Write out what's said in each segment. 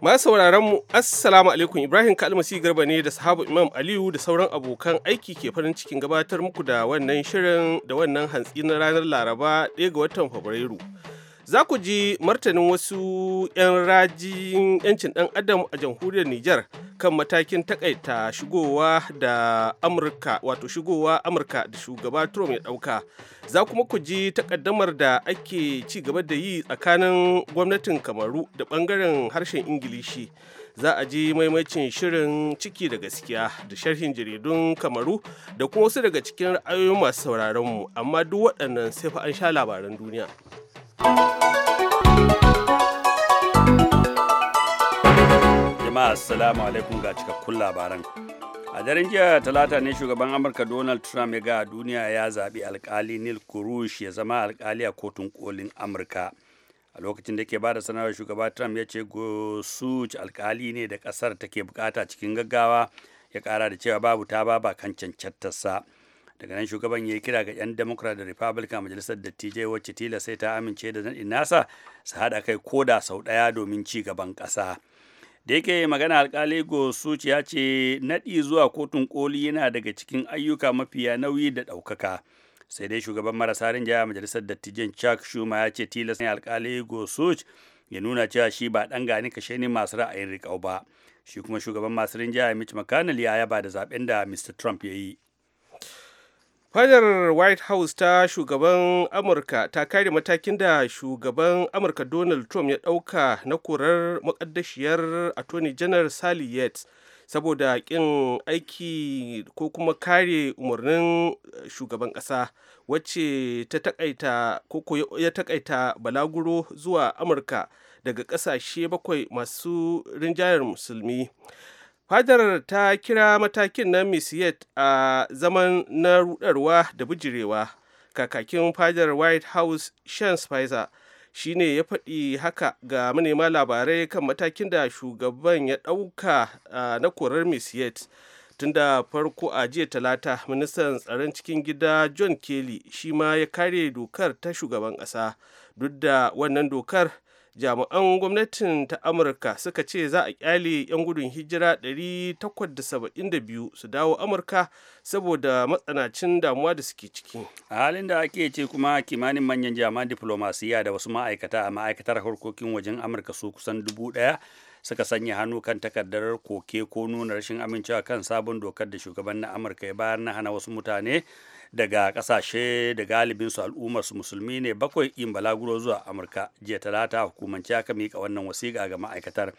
Masu sauraron mu Assalamu alaikum Ibrahim Kalmasi Garba ne da sahabu Imam Aliyu da sauran abokan aiki ke farin cikin gabatar muku da wannan shirin da wannan hantsi na ranar Laraba 1 ga watan Fabrairu. za ku ji martanin wasu 'yan rajin 'yancin ɗan adam a jamhuriyar Nijar kan matakin takaita shigowa da Amurka wato shigowa Amurka da shugaba Trump ya ɗauka. Za kuma ku ji takaddamar da ake ci gaba da yi tsakanin gwamnatin Kamaru da ɓangaren harshen Ingilishi. za a ji maimacin shirin ciki da gaskiya da sharhin jaridun kamaru da kuma wasu daga cikin ra'ayoyin masu sauraronmu amma duk waɗannan sai fa an sha labaran duniya jama'a assalamu alaikum ga cikakkun labaran a daren jiya talata ne shugaban amurka donald trump ya ga duniya ya zaɓi alkali neil kurush ya zama alkali a kotun kolin amurka a lokacin da ke ba da sanarwar shugaba trump ya ce gosuch alkali ne da kasar take bukata cikin gaggawa ya kara da cewa babu ta ba ba kan cancantarsa daga nan shugaban ya yi kira ga 'yan democrat da republican majalisar dattijai wacce tila sai ta amince da zanin nasa su haɗa kai ko da sau ɗaya domin ci gaban ƙasa da yake magana alkali gosuch ya ce naɗi zuwa kotun koli yana daga cikin ayyuka mafiya nauyi da ɗaukaka sai dai shugaban marasa rinjaya majalisar dattijan chuck shuma ya ce tilas ne alkali gosuch ya nuna cewa shi ba dan gani kashe ne masu ra'ayin riƙau ba shi kuma shugaban masu rinjaya mitch mcconnell ya yaba da zaben da mr trump ya yi fadar white house ta shugaban amurka ta kare matakin da shugaban amurka donald trump ya ɗauka na korar makaddashiyar attorney general sally yates saboda kin aiki ko kuma kare umarnin eh, shugaban kasa wacce ta takaita ko ya takaita balaguro zuwa amurka daga kasashe bakwai masu rinjayar musulmi fadar ta kira matakin na misiyet a zaman na rudarwa da bijirewa kakakin fadar white house shan spicer shi ne ya faɗi haka ga manema labarai kan matakin da shugaban ya ɗauka na korar miss yates tun da farko a jiya talata ministan tsaron cikin gida john kelly shi ma ya kare dokar ta shugaban ƙasa duk da wannan dokar jami'an gwamnatin ta amurka suka ce za a kyale 'yan gudun hijira 872 su dawo amurka saboda matsanancin damuwa da suke ciki a halin da ake ce kuma kimanin manyan jami'an diplomasiya da wasu ma'aikata a ma'aikatar harkokin wajen amurka su kusan dubu daya suka sanya hannu kan takardar koke ko nuna rashin amincewa kan sabon dokar da shugaban na amurka ya bayar na hana wasu mutane daga kasashe da galibin su al'ummar su musulmi ne bakwai in balaguro zuwa amurka jiya talata hukumance aka mika wannan wasiƙa ga ma'aikatar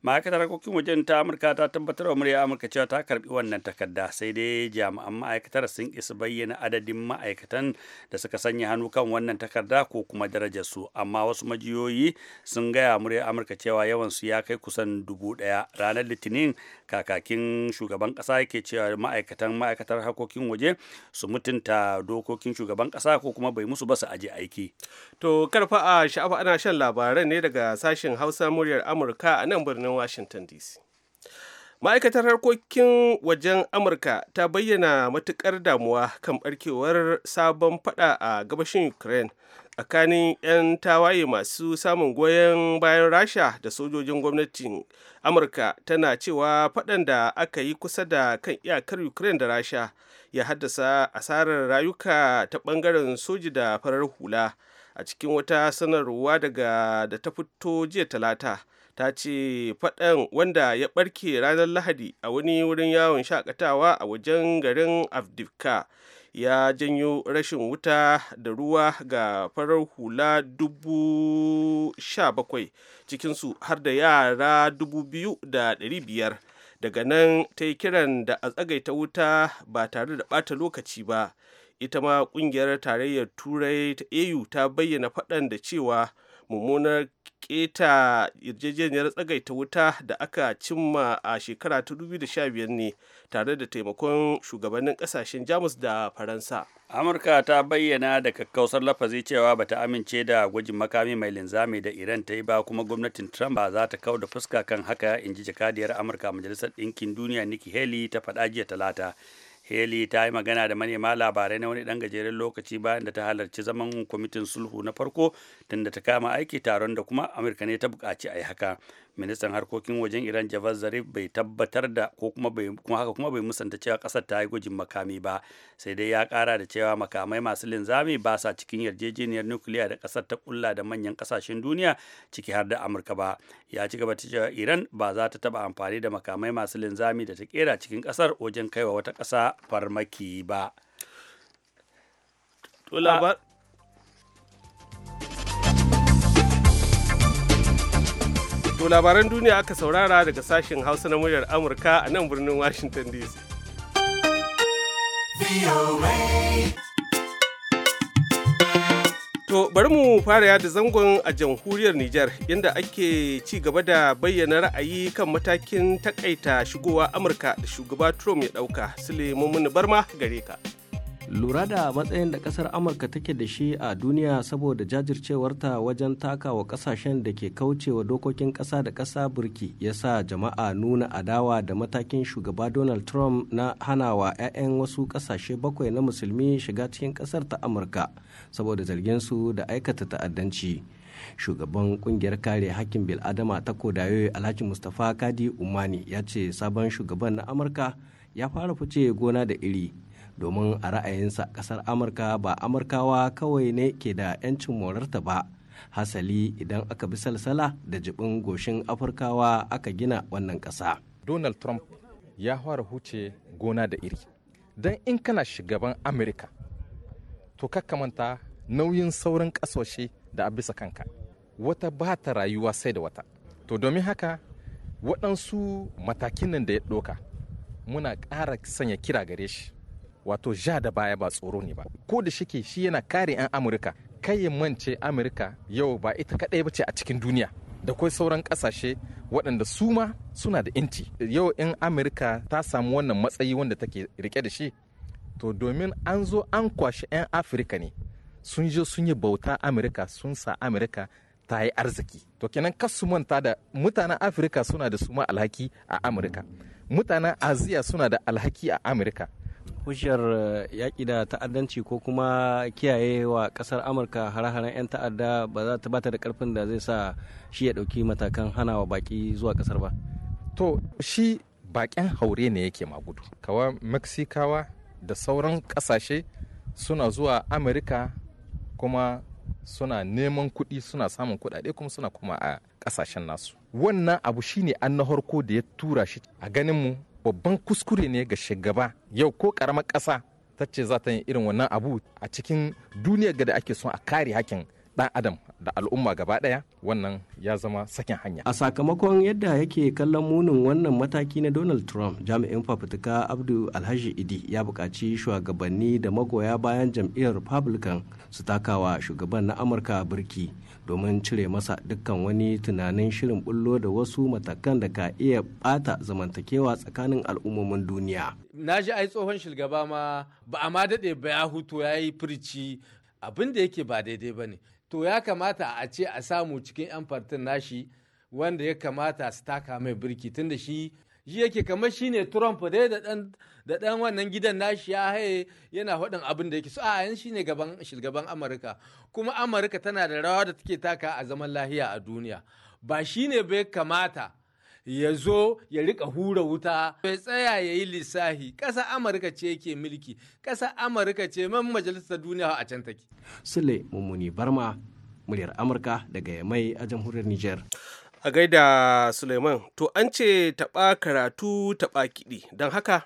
ma'aikatar harkokin wajen ta amurka ta tabbatar wa murya amurka cewa ta karbi wannan takarda sai dai jami'an ma'aikatar sun isa bayyana adadin ma'aikatan da suka sanya hannu kan wannan takarda ko kuma darajar su amma wasu majiyoyi sun gaya murya amurka cewa yawan su ya kai kusan dubu daya ranar litinin kakakin shugaban kasa yake cewa ma'aikatan ma'aikatar harkokin waje su mutunta dokokin shugaban kasa ko kuma bai musu ba su aje aiki to karfa a sha'afa ana shan labaran ne daga sashen hausa muryar amurka a nan birnin birnin washington dc ma'aikatar harkokin wajen amurka ta bayyana matukar damuwa kan barkewar sabon fada a gabashin ukraine tsakanin 'yan tawaye masu samun goyon bayan rasha da sojojin gwamnatin amurka tana cewa fadan da aka yi kusa da kan iyakar ukraine da rasha ya haddasa asarar rayuka ta bangaren soji da farar hula a cikin wata sanarwa daga da ta fito jiya talata ta ce faɗan wanda ya ɓarke ranar lahadi a wani wurin yawon shakatawa a wajen garin avdivka ya janyo rashin wuta da ruwa ga farar hula dubu sha bakwai cikinsu har da yara dubu biyu da ɗari biyar daga nan ta yi kiran da a tsagaita wuta ba tare da ɓata lokaci ba ita ma ƙungiyar tarayyar turai ta au ta bayyana faɗan da cewa mummunar keta yarjejeniyar tsagaita wuta da aka cimma a shekara ta 2015 ne tare da taimakon shugabannin kasashen jamus da faransa amurka ta bayyana da kakkausar lafazi cewa bata amince da gwajin makami mai linzami da iran ta yi ba kuma gwamnatin trump ba za ta kau da fuska kan haka in ji jakadiyar amurka majalisar ɗinkin duniya nikki haley ta faɗa jiya talata Haley ta yi magana da manema labarai na wani ɗan gajeren lokaci bayan da ta halarci zaman kwamitin sulhu na farko tun ta kama aiki taron da kuma Amurka ne ta buƙaci a yi haka. ministan harkokin wajen iran javad zarif bai tabbatar da ko kuma bai kuma haka kuma bai musanta cewa kasar ta yi gwajin makami ba sai dai ya kara da cewa makamai masu linzami ba sa cikin yarjejeniyar nukiliya da kasar ta kulla da manyan kasashen duniya ciki har da amurka ba ya ci gaba cewa iran ba za ta taba amfani da makamai masu linzami da ta kera cikin kasar wajen kaiwa wata kasa farmaki ba To labaran duniya aka saurara daga sashen Hausa na muryar Amurka a nan birnin Washington DC. To bari mu fara yada zangon a jamhuriyar Nijar inda ake ci gaba da bayyana ra'ayi kan matakin takaita shigowa Amurka da shugaba Trump ya ɗauka. Sule Mummuni Barma gare ka. lura da matsayin da kasar amurka take da shi a duniya saboda jajircewarta wajen takawa kasashen da ke kaucewa dokokin kasa da kasa burki ya sa jama'a nuna adawa da matakin shugaba donald trump na hanawa 'ya'yan wasu kasashe bakwai na musulmi shiga cikin kasar ta amurka saboda zarginsu da aikata ta'addanci shugaban kungiyar kare hakkin bil'adama ta kodayo alhaji mustapha kadi umani ya ce sabon shugaban na amurka ya fara fice gona da iri domin a ra'ayinsa kasar amurka ba amurkawa kawai ne ke da 'yancin morarta ba hasali idan aka bi salsala da jibin goshin afirkawa aka gina wannan ƙasa donald trump ya fara huce gona da iri don in kana shugaban amurka to kakamanta nauyin saurin ƙasashe da a bisa kanka wata ba ta rayuwa sai da wata to domin haka waɗansu matakin nan da ya ɗoka muna ƙara sanya kira gare shi wato ja da baya ba tsoro ne ba ko da shike shi yana kare 'yan amurka kai mance amurka yau ba ita kadai ba ce a cikin duniya da kwai sauran kasashe waɗanda su ma suna da inci yau in amurka ta samu wannan matsayi wanda take rike da shi to domin an zo an kwashi 'yan afirka ne sun je sun yi bauta amurka sun sa amurka ta yi arziki to kenan kasu manta da mutanen afirka suna da suma alhaki a amurka mutanen aziya suna da alhaki a amurka hujjar eh, yaƙi da ta'addanci ko kuma kiyaye wa ƙasar amurka har haren 'yan ta'adda ba za ta bata da ƙarfin da zai sa shi ya ɗauki matakan hana wa baƙi zuwa ƙasar ba to shi baƙin haure ne yake magudu kawa mexicawa da sauran ƙasashe suna zuwa amurka kuma suna neman kuɗi suna samun kuɗaɗe kuma suna kuma a ƙasashen nasu wannan abu shine an na harko da ya tura shi a ganin mu babban kuskure ne ga shugaba yau ko karamar ƙasa ta ce za ta yi irin wannan abu a cikin duniyar da ake son a kare hakin dan adam da al'umma gaba daya wannan ya zama sakin hanya a sakamakon yadda yake kallon munin wannan mataki na donald trump jami'in fafutuka abdu alhaji idi ya buƙaci shugabanni da magoya bayan jam'iyyar republican su takawa shugaban na amurka birki domin cire masa dukkan wani tunanin shirin bullo da wasu matakan da ka iya bata zamantakewa tsakanin al'ummomin duniya na ji ai tsohon shugaba ma ba a ma daɗe ba ya hutu ya yi firici abin da yake ba daidai ba ne to ya kamata a ce a samu cikin 'yan fartin nashi wanda ya kamata su taka mai birki tun da shi shi yake kamar shi ne Trump dai da dan wannan gidan nashi ya haye yana faɗin abin da yake so a yan shi ne shugaban Amurka kuma Amurka tana da rawa da take taka a zaman lahiya a duniya ba shi ne bai kamata ya zo ya rika hura wuta bai tsaya ya yi lissahi ƙasa amurka ce yake mulki ƙasa amurka ce man majalisar duniya a can take sule mummuni barma muryar amurka daga mai a jamhuriyar niger a gaida suleiman to an ce taɓa karatu taɓa kiɗi don haka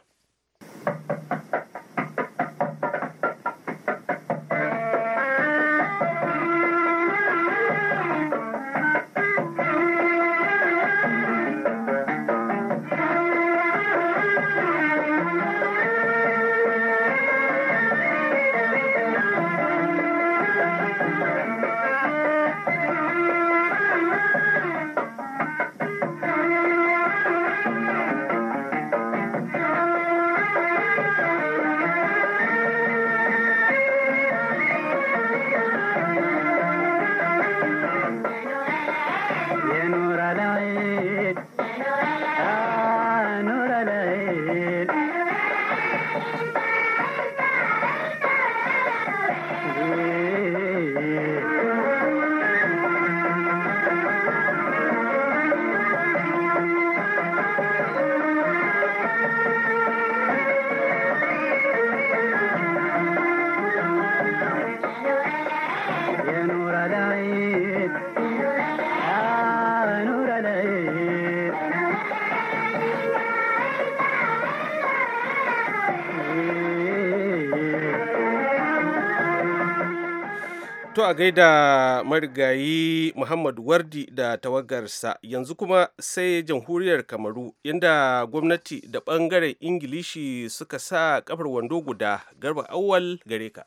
a gaida marigayi Muhammadu Wardi da tawagarsa yanzu kuma sai jamhuriyar Kamaru inda gwamnati da ɓangaren Ingilishi suka sa kafar wando guda garba awwal gare ka.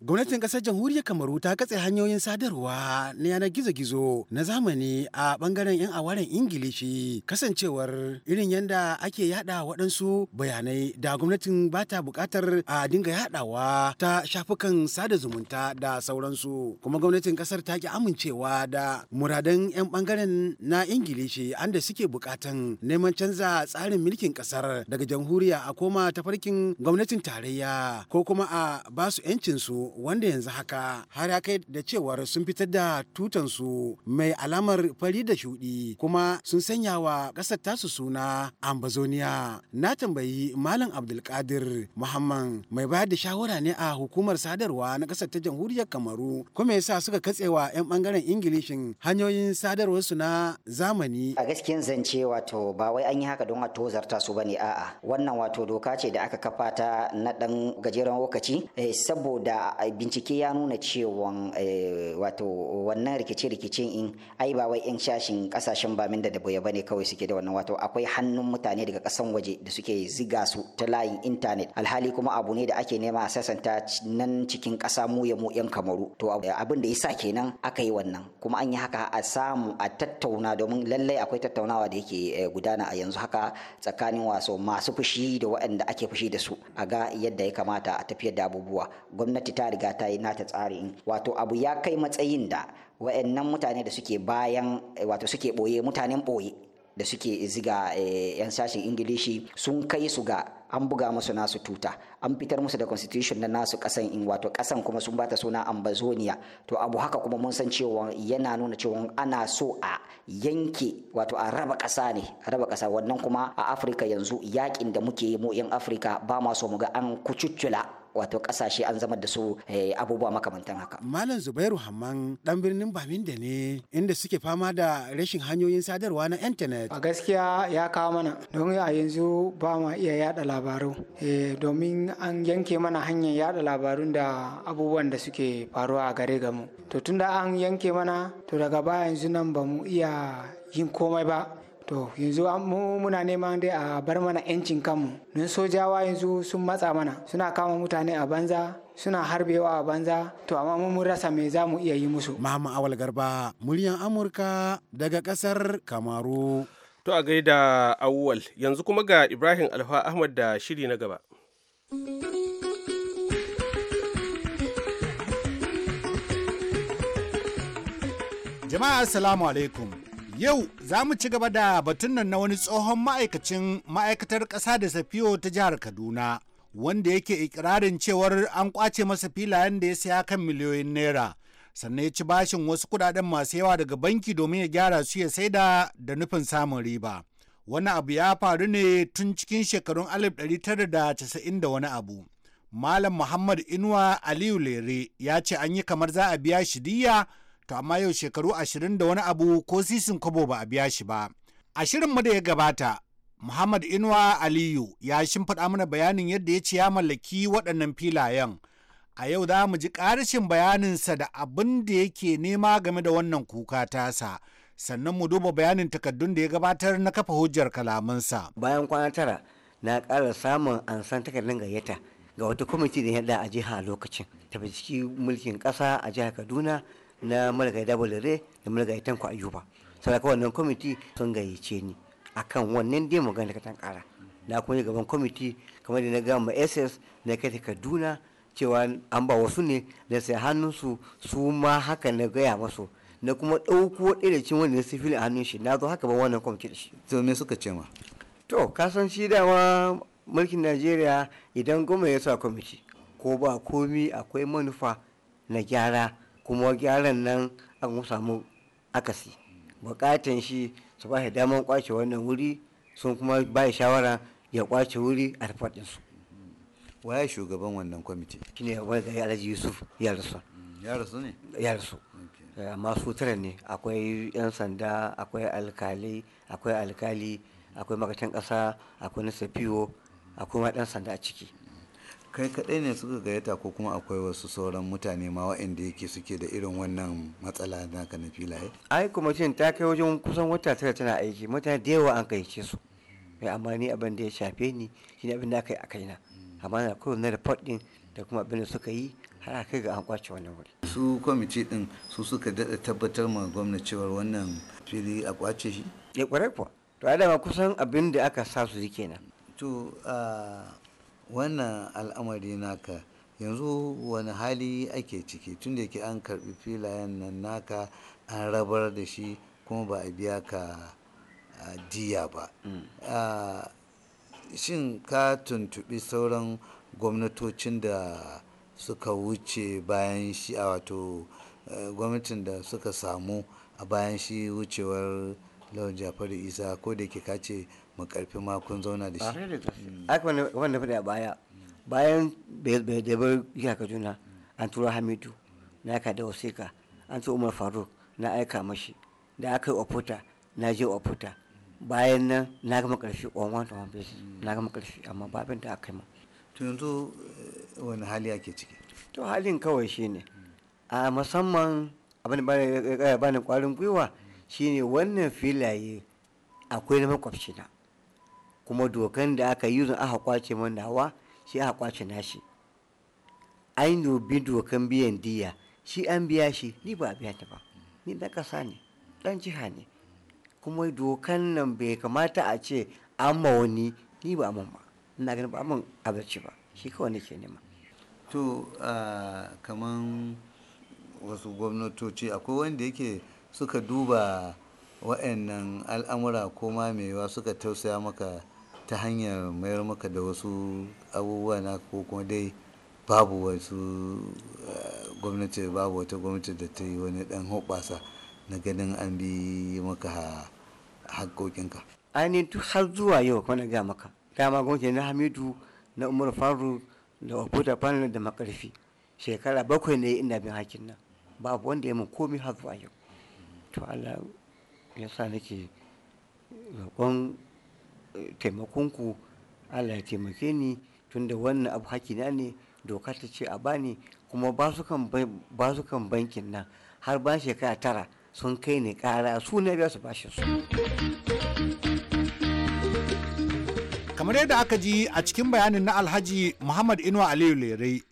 Gwamnatin ƙasar jamhuriyar Kamaru ta katse hanyoyin sadarwa na yanar gizo-gizo na zamani a ɓangaren 'yan awaren Ingilishi kasancewar irin yadda ake yada waɗansu bayanai da gwamnatin ba ta buƙatar a dinga yadawa ta shafukan sada zumunta da sauransu. Kuma gwamnatin ƙasar ta ki amincewa da muradan 'yan ɓangaren na Ingilishi anda suke buƙatan neman canza tsarin mulkin ƙasar daga jamhuriya a koma tafarkin gwamnatin tarayya ko kuma a basu 'yancinsu wanda yanzu haka har ya kai da cewar sun fitar da tutansu mai alamar fari da shuɗi kuma sun sanya wa ƙasar tasu suna Ambazoniya. Na tambayi Malam Abdulkadir Muhammad mai bayar da shawara ne a hukumar sadarwa na ƙasar ta jamhuriyar Kamaru kuma yasa suka katsewa 'yan ɓangaren Ingilishin hanyoyin sadarwar su na zamani. A gaskiyan zance wato ba wai an yi haka don a tozarta su bane a'a wannan wato doka ce da aka kafa ta na ɗan gajeren lokaci eh, saboda bincike ya nuna cewa eh, wato wannan rikice rikicen in ai ba wai 'yan shashin kasashen bamin da ya bane kawai suke da wannan wato akwai hannun mutane daga kasan waje da suke ziga su ta layin intanet alhali kuma abu ne da ake nema a sasanta nan cikin kasa mu ya mu 'yan kamaru to abin da yasa kenan aka yi wannan kuma an yi haka a samu a tattauna domin lallai akwai tattaunawa da yake eh, gudana a yanzu haka tsakanin wasu masu fushi da waɗanda ake fushi da su a ga yadda ya kamata a tafiyar da abubuwa gwamnati ta riga ta yi nata tsarin wato abu ya kai matsayin da wa'annan mutane da suke bayan eh, wato suke ɓoye mutanen boye da suke ziga 'yan eh, sashen ingilishi sun kai su ga an buga musu nasu tuta an fitar musu da constitution na nasu kasan in wato kasan kuma sun bata suna ambazonia to abu haka kuma mun san cewa yana nuna cewa ana so a yanke wato a raba kasa ne raba kasa wannan kuma a afirka yanzu yakin da muke yi mu yan afirka ba ma so mu ga an kucuccula wato kasashe an zama da su eh, abubuwa makamantan haka. Malam Zubairu Hamman dan birnin Baminda ne inda suke fama da rashin hanyoyin sadarwa na intanet. A gaskiya ya kawo mana don a yanzu ba ma iya yada labaru eh, domin an yanke mana hanyar yada labarun da abubuwan da suke faruwa a gare gamu. To tunda an yanke mana to daga baya yanzu nan ba mu iya yin komai ba to yanzu mu muna neman dai a bar mana yancin kanmu don sojawa yanzu sun matsa mana suna kama mutane a banza suna harbewa a banza to amma mun rasa me za mu iya yi musu Muhammad Awal Garba muryan Amurka daga kasar Kamaru to a gaida Awwal yanzu kuma ga Ibrahim Alfa Ahmad da shiri na gaba Jama'a assalamu alaikum Yau za mu ci gaba da batun nan na wani tsohon ma'aikacin ma'aikatar ƙasa da safiyo ta jihar Kaduna, wanda yake ikirarin cewar an ƙwace masa filayen da ya saya kan miliyoyin naira. Sannan ya ci bashin wasu kudaden masu yawa daga banki domin ya gyara su ya saida da nufin samun riba. Wani abu ya faru ne tun cikin shekarun alif 1990 da wani abu. Malam Muhammad Inuwa Aliyu Lere ya ce an yi kamar za a biya shi diya to amma yau shekaru ashirin da wani abu ko sisin kobo ba a biya shi ba a shirin mu da ya gabata muhammad inuwa aliyu ya shimfiɗa mana bayanin yadda ya ce ya mallaki waɗannan filayen a yau za mu ji ƙarshen bayaninsa da abin da yake nema game da wannan kuka tasa sannan mu duba bayanin takaddun da ya gabatar na kafa hujjar kalamansa bayan kwana tara na ƙara samun ansan takardun gayyata ga wata kwamiti da ya a jiha a lokacin ta ciki mulkin ƙasa a jihar kaduna na malakai dabalare da malakai tanko ayuba saboda wannan kwamiti sun gayyace ni akan wannan dai magana ka kara na kuma gaban kwamiti kamar da na gama ss na kai kaduna cewa an ba wasu ne da sai hannunsu su ma haka na gaya masu na kuma ɗauko ɗaya da cin wani na sifili a hannun shi na zo haka ba wannan kwamiti da shi. to me suka ce ma. to kasan shi dama mulkin najeriya idan goma ya sa kwamiti ko ba komi akwai manufa na gyara kuma gyaran nan an samu akasi bukatan shi su ba shi daman kwace wannan wuri sun kuma ba shawara ya kwace wuri a su. waye shugaban wannan kwamiti shine wani gari alhaji yusuf ya rasu mm, ya rasu ne ya rasu eh, amma su ne akwai yan sanda akwai alkali akwai alkali akwai makacin ƙasa akwai na akwai ma ɗan sanda a ciki kai kaɗai ne suka gayyata ko kuma akwai wasu sauran mutane ma waɗanda yake suke da irin wannan matsala na na filaye ai kuma cin ta kai wajen kusan wata tara tana aiki mutane da yawa an gayyace su mai amma ni abin da ya shafe ni shine abin da aka yi a kaina amma na kowa na report din da kuma abin da suka yi har a kai ga an kwace wannan wuri su kwamiti din su suka daɗa tabbatar ma gwamnati cewa wannan fili a kwace shi ya eh, kwarai kuwa to a dama kusan abin da aka sa su kenan to ah, wannan al'amari naka yanzu wani hali ake ciki tun da yake an karbi filayen nan naka an rabar da shi kuma ba a biya ka diya ba mm. shin ka tuntubi sauran gwamnatocin da suka wuce bayan shi a wato eh, gwamnatin da suka samu a bayan shi wucewar lawan jafaru isa ko da ke kace makarfi ma kun zauna da shi aka mm. wanda faɗi a baya bayan bai da bar jiha kaduna an turo hamidu na aika da wasika an turo umar faruk na aika mashi da aka yi oputa na je oputa bayan nan na gama karfi on one to one place mm. na gama karfi amma babin da aka yi ma to yanzu eh, wani hali ake ciki to halin kawai shine mm. a musamman abin da bani kwarin gwiwa shine wannan filaye akwai na makwabcina kuma dokan da aka yi aka kwace man nawa shi aka kwace nashi an dubi dokan biyan diya shi an biya shi ni ba biya ta ba ni da kasa ne dan jiha ne kuma dokan nan bai kamata a ce an ma wani ni ba mun ba ina ganin ba mun abarci ba shi kawai nake nema to kaman wasu gwamnatoci akwai wanda yake suka duba wa'annan al'amura ko mamewa suka tausaya maka ta hanyar mayar maka da wasu abubuwa na ko kuma dai babu wasu eh, gwamnati babu wata gwamnati da ta yi wani dan hoɓasa na ganin an bi maka haƙoƙinka. ainihin duk har zuwa yau kuma na ga maka dama gwamnati na hamidu na umar faru da wakuta panel da makarfi shekara bakwai ne ina bin hakin nan babu wanda ya mun komi har zuwa yau to allah ya sa nake roƙon taimakonku allah ya taimake ni tunda wannan abu hakina ne doka ta ce a bani kuma ba su kan bankin nan har ba shekara tara sun kai ni kara su ne biya su bashi su kamar yadda aka ji a cikin bayanin na alhaji muhammad inuwa aliyu lerai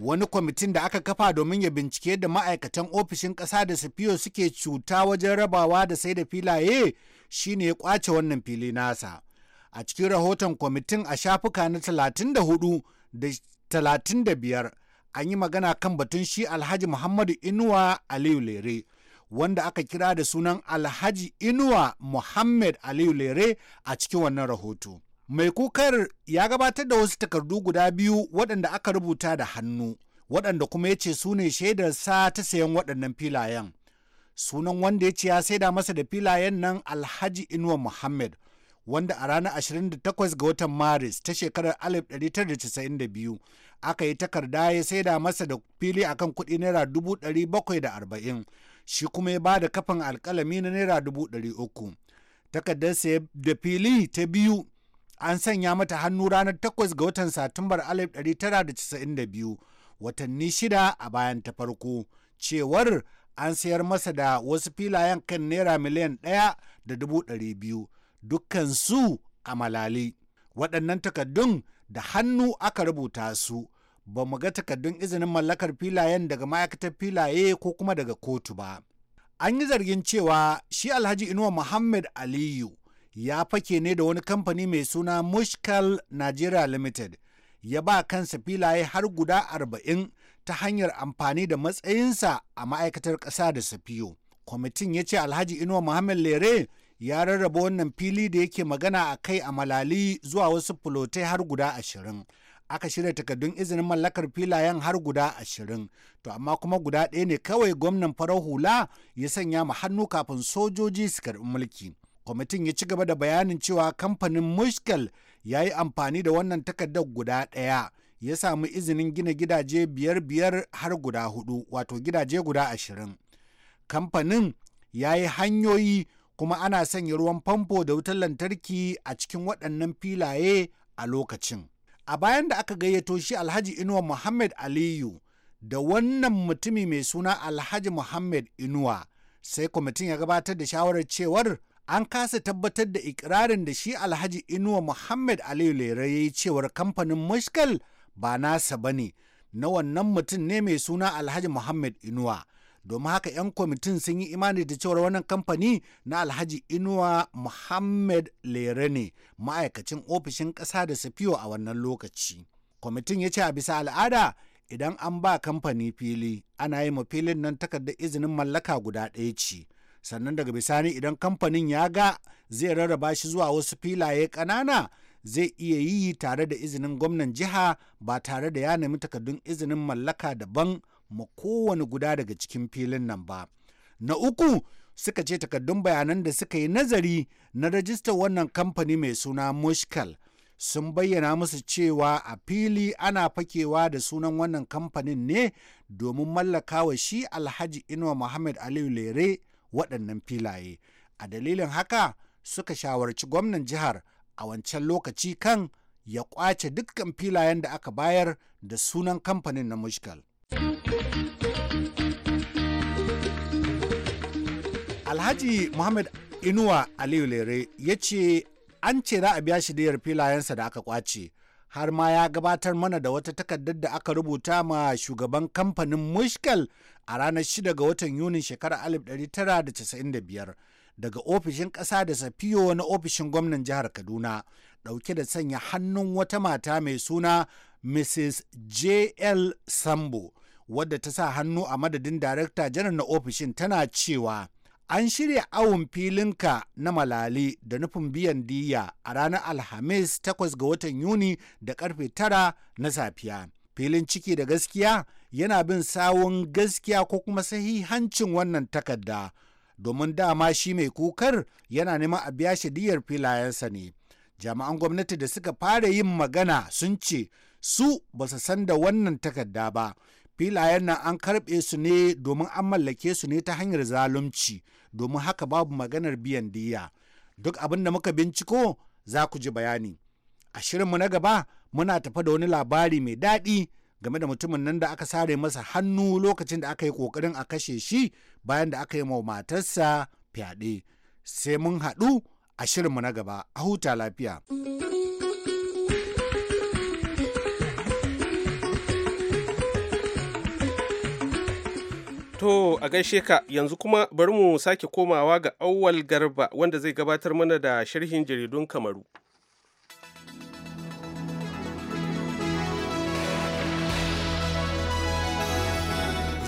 wani kwamitin da aka kafa domin ya bincike da ma'aikatan ofishin ƙasa da safiyo suke cuta wajen rabawa da sai da filaye shine ya kwace wannan fili nasa a cikin rahoton kwamitin a shafuka na 34 da 35 an yi magana kan batun shi alhaji muhammadu inuwa aliyu lere wanda aka kira da sunan alhaji inuwa muhammad aliyu lere a cikin wannan rahoto mai kukar ya gabatar da wasu takardu guda biyu waɗanda aka rubuta da hannu waɗanda kuma ya ce su ne shaidarsa ta sayan waɗannan filayen sunan wanda ya ce ya saida masa da filayen nan alhaji inuwa muhammad wanda a ranar 28 ga watan maris ta shekarar 1992 aka yi takarda ya saida masa da fili akan kuɗi naira 740 shi kuma ya ba da kafan alkalami na naira 300 takardar sai da fili ta biyu an sanya mata hannu ranar 8 ga watan satumbar 1992 watanni shida a bayan ta farko cewar an sayar masa da wasu filayen kan naira miliyan ɗaya da dukkansu a malali waɗannan takaddun da hannu aka rubuta su ba mu ga takaddun izinin mallakar filayen daga ma'aikatar filaye ko kuma daga kotu ba an yi zargin cewa shi alhaji inuwa muhammad aliyu ya fake ne da wani kamfani mai suna mushkal nigeria limited ya ba kansa filaye har guda arba'in ta hanyar amfani da matsayinsa a ma'aikatar ƙasa da safiyo kwamitin ya ce alhaji inuwa muhammad lere ya rarraba wannan fili da yake magana a kai a malali zuwa wasu fulotai har guda ashirin aka shirya takardun izinin mallakar filayen har guda ashirin to amma kuma guda ɗaya ne kawai gwamnan farar hula ya sanya mu hannu kafin sojoji su karɓi mulki kwamitin ya ci gaba da bayanin cewa kamfanin mushkel ya yi amfani da wannan takardar guda ɗaya ya samu izinin gina gidaje biyar biyar har guda hudu wato gidaje guda ashirin kamfanin ya yi hanyoyi kuma ana sanya ruwan famfo da wutar lantarki a cikin waɗannan filaye a lokacin. A bayan da aka gayyato shi Alhaji Inuwa Muhammad Aliyu da wannan mutumi mai suna Alhaji Muhammad Inuwa sai kwamitin ya gabatar da shawarar cewar an kasa tabbatar da ikirarin da shi Alhaji Inuwa Muhammad Aliyu Lera ya yi cewar kamfanin Mushkal ba nasa ba ne na wannan mutum ne mai suna Alhaji Muhammad Inuwa. domin haka 'yan kwamitin sun yi imani da cewar wannan kamfani na alhaji inuwa muhammad lere ne ma'aikacin ofishin ƙasa da safiyo a wannan lokaci kwamitin ya ce a bisa al'ada idan an ba kamfani fili ana yi ma filin nan takardar izinin mallaka guda ɗaya ce sannan daga bisani idan kamfanin ya ga zai rarraba shi zuwa wasu filaye ƙanana zai iya yi tare da izinin gwamnan jiha ba tare da ya nemi takardun izinin mallaka daban ma kowane guda daga cikin filin nan ba. Na uku suka ce takardun bayanan da suka yi nazari na rajistar wannan kamfani mai suna Mushkal sun bayyana musu cewa a fili ana fakewa da sunan wannan kamfanin ne domin mallakawa shi Alhaji Inuwa Muhammad Aliyu Lere waɗannan filaye. A dalilin haka suka shawarci gwamnan jihar a wancan lokaci kan ya kwace dukkan filayen da aka bayar da sunan kamfanin na Mushkal. Alhaji Muhammad Inuwa Aliyu Lere ya ce an ce za a biya shi diyar filayensa da aka kwace. har ma ya gabatar mana da wata takardar da aka rubuta ma shugaban kamfanin mushkal a ranar 6 ga watan yunin shekarar 1995 daga ofishin ƙasa da safiyo na ofishin gwamnan jihar kaduna ɗauke da sanya hannun wata mata mai suna mrs jl sambo wadda ta sa hannu a madadin darakta janar na ofishin tana cewa an shirya awon filinka na malali da nufin biyan diya a ranar alhamis 8 ga watan yuni da karfe 9 na safiya filin ciki da gaskiya yana bin sawun gaskiya ko kuma sahihancin wannan takarda domin dama shi mai kukar yana neman a biya shi diyar filayensa ne jami'an gwamnati da suka fara yin magana sun ce su ba su san da wannan takarda ba filayen nan an karbe su ne domin an mallake su ne ta hanyar zalunci domin haka babu maganar biyan diya duk abin da muka binciko za ku ji bayani a mu na gaba muna tafa da wani labari mai daɗi game da mutumin nan da aka sare masa hannu lokacin da aka yi ƙoƙarin a kashe shi bayan da aka yi ma matarsa fyaɗe sai mun haɗu a mu na gaba a huta lafiya. To a gaishe ka yanzu kuma bari mu sake komawa ga Auwal garba wanda zai gabatar mana da sharhin jaridun kamaru.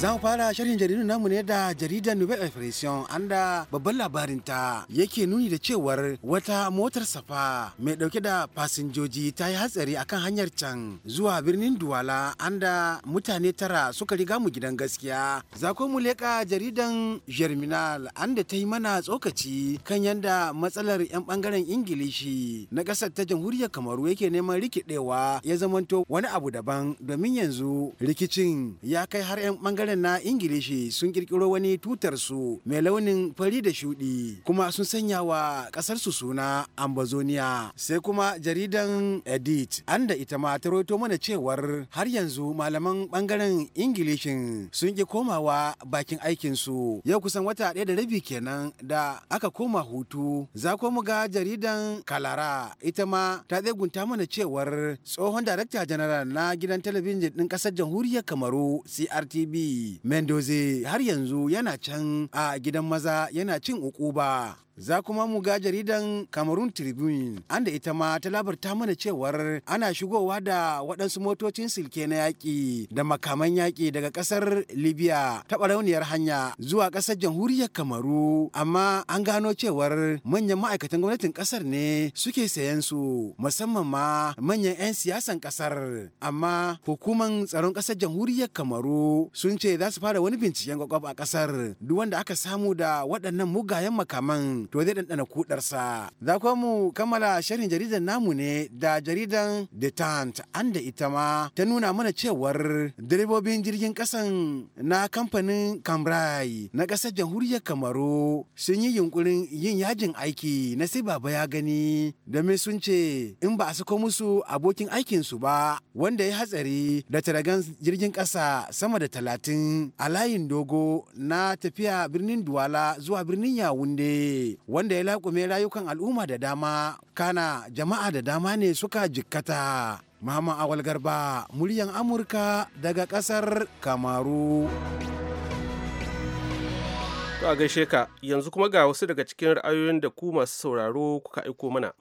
Za mu fara shirin jaridun namu ne da jaridar Nouvelle Expression anda babban labarin ta yake nuni da cewar wata motar safa mai dauke da fasinjoji ta yi hatsari akan hanyar can zuwa birnin Duwala anda mutane tara suka riga mu gidan gaskiya. Za mu leka jaridan Germinal anda ta yi mana tsokaci kan yanda matsalar 'yan bangaren Ingilishi na ƙasar ta jamhuriyar Kamaru yake neman rikidewa ya zamanto wani abu daban domin yanzu rikicin ya kai har 'yan bangaren nan na ingilishi sun kirkiro wani tutar su mai launin fari da shudi kuma sun sanya wa ƙasar su suna ambazonia sai kuma jaridan edit an da ita ma ta roto mana cewar har yanzu malaman bangaren ingilishin sun ki komawa bakin aikin su yau kusan wata ɗaya da rabi kenan da aka koma hutu za ko mu ga jaridan kalara ita ma ta tsegunta mana cewar tsohon darakta janaral na gidan talabijin ɗin ƙasar jamhuriyar kamaru crtb mendoze har yanzu yana can a gidan maza yana cin ukuba Za kuma mu ga jaridan Cameroon Tribune, anda ita ma ta labarta mana cewar ana shigowa da waɗansu motocin silke na yaƙi da makaman yaƙi daga ƙasar Libya ta barauniyar hanya zuwa ƙasar jamhuriyar Kamaru, amma an gano cewar manyan ma'aikatan gwamnatin ƙasar ne suke sayan su musamman ma manyan 'yan siyasan ƙasar. Amma hukuman tsaron ƙasar jamhuriyar Kamaru sun ce za su fara wani binciken kwakwab a ƙasar duk wanda aka samu da waɗannan mugayen makaman to zai ɗanɗana kuɗarsa. Za mu kammala shirin jaridar namu ne da jaridan Detant an da ita ma ta nuna mana cewar direbobin jirgin ƙasan na kamfanin Cambrai na ƙasar jamhuriyar Kamaru sun yi yunkurin yin yajin aiki na sai baba ya gani da me sun ce in ba a sako musu abokin aikinsu ba wanda ya hatsari da taragan jirgin ƙasa sama da talatin a layin dogo na tafiya birnin Duwala zuwa birnin Yawunde. wanda ya laƙume rayukan al'umma da dama kana jama'a da dama ne suka jikkata. Mama Awal Garba muryan Amurka daga ƙasar Kamaru. To a gaishe ka yanzu kuma ga wasu daga cikin ra'ayoyin da ku masu sauraro kuka aiko mana.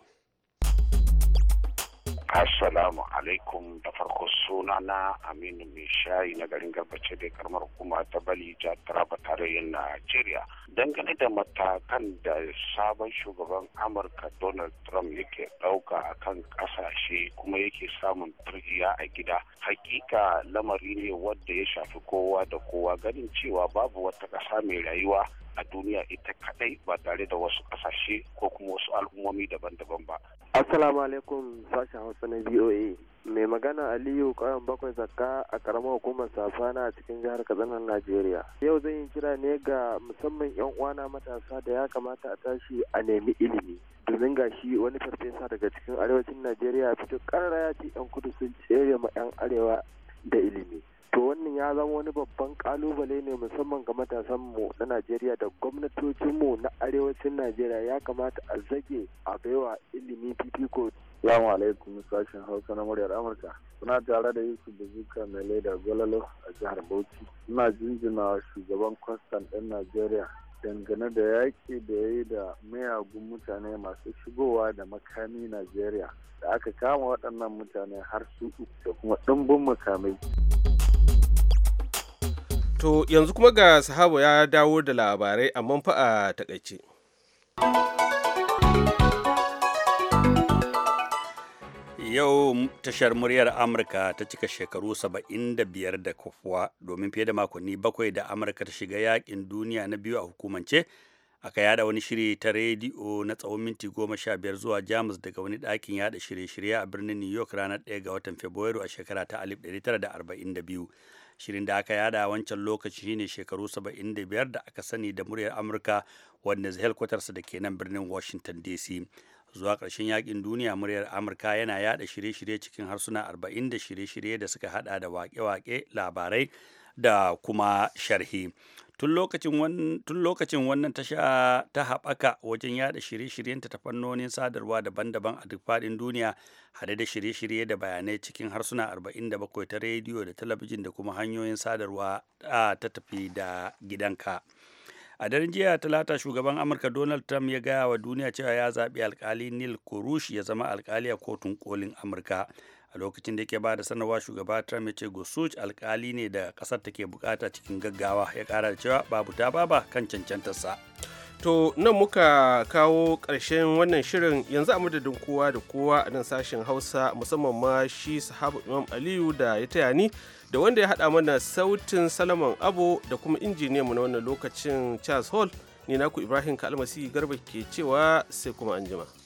Assalamu alaikum da farko suna na Aminu mai na garin garbace da karamar hukuma ta Bali ta Taraba tarayyar Najeriya. Dangane da matakan da sabon shugaban Amurka Donald Trump yake ɗauka a kan ƙasashe kuma yake samun turjiya a gida. Hakika lamari ne wadda ya shafi kowa da kowa ganin cewa babu wata ƙasa mai rayuwa a duniya ita kadai ba tare da wasu kasashe ko kuma wasu al'ummomi daban-daban ba. Assalamu alaikum sashen Hausa na BOA. Mai magana Aliyu ƙauyen bakwai zakka a karamar hukumar Safana a cikin jihar Katsina Najeriya. Yau zan yi kira ne ga musamman 'yan uwana matasa da ya kamata a tashi a nemi ilimi. domin ga shi wani farfesa daga cikin arewacin Najeriya fito karara ya ce 'yan kudu sun tsere ma 'yan arewa da ilimi. to wannan ya zama wani babban kalubale ne musamman ga matasanmu na najeriya da gwamnatocinmu na arewacin najeriya ya kamata a zage a baiwa ilimi fifiko Salamu alaikum sashen Hausa na muryar Amurka. Suna tare da Yusuf Bazuka mai laida gwalalo a jihar Bauchi. Ina jinjina shugaban kwastan ɗin Najeriya dangane da yaƙi da ya yi da mayagun mutane masu shigowa da makami Najeriya da aka kama waɗannan mutane har su da kuma ɗumbin makamai. To yanzu kuma ga sahabo ya dawo da labarai amma fa a takaice. Yau tashar muryar Amurka ta cika shekaru 75 da kofuwa domin fiye da makonni bakwai da Amurka ta shiga yakin duniya na biyu a hukumance aka yada wani shiri ta rediyo na tsawon minti goma sha biyar zuwa Jamus daga wani dakin yada shirye-shirye a birnin New York ranar 1 ga watan Fabrairu a shekara ta 1942. shirin da aka yada wancan lokaci shine shekaru 75 da aka sani da muryar amurka wanda helkwatarsa da ke nan birnin washington dc zuwa ƙarshen yakin duniya muryar amurka yana yada shirye-shirye cikin harsuna 40 da shirye-shirye da suka hada da wake-wake labarai da kuma sharhi tun lokacin wannan tasha ta haɓaka wajen yada shirye shiryen ta fannonin sadarwa daban-daban a duk faɗin duniya hade da shirye-shirye da bayanai cikin harsuna 47 ta rediyo da talabijin da kuma hanyoyin sadarwa ta tafi da gidanka a daren jiya talata shugaban amurka donald trump ya gaya wa duniya cewa ya zaɓi alkali neil kurush ya zama alkali a kotun kolin amurka a lokacin da yake ba da sanarwa shugaba trump ya ce gosuch alkali ne da kasar take bukata cikin gaggawa ya kara da cewa babu ta baba kan cancantarsa to nan muka kawo ƙarshen wannan shirin yanzu a madadin kowa da kowa a nan sashen hausa musamman ma shi sahabu imam aliyu da ya taya ni da wanda ya haɗa mana sautin salaman abo da kuma mu na wannan lokacin charles hall ni naku ibrahim kalmasi garba ke cewa sai kuma anjima.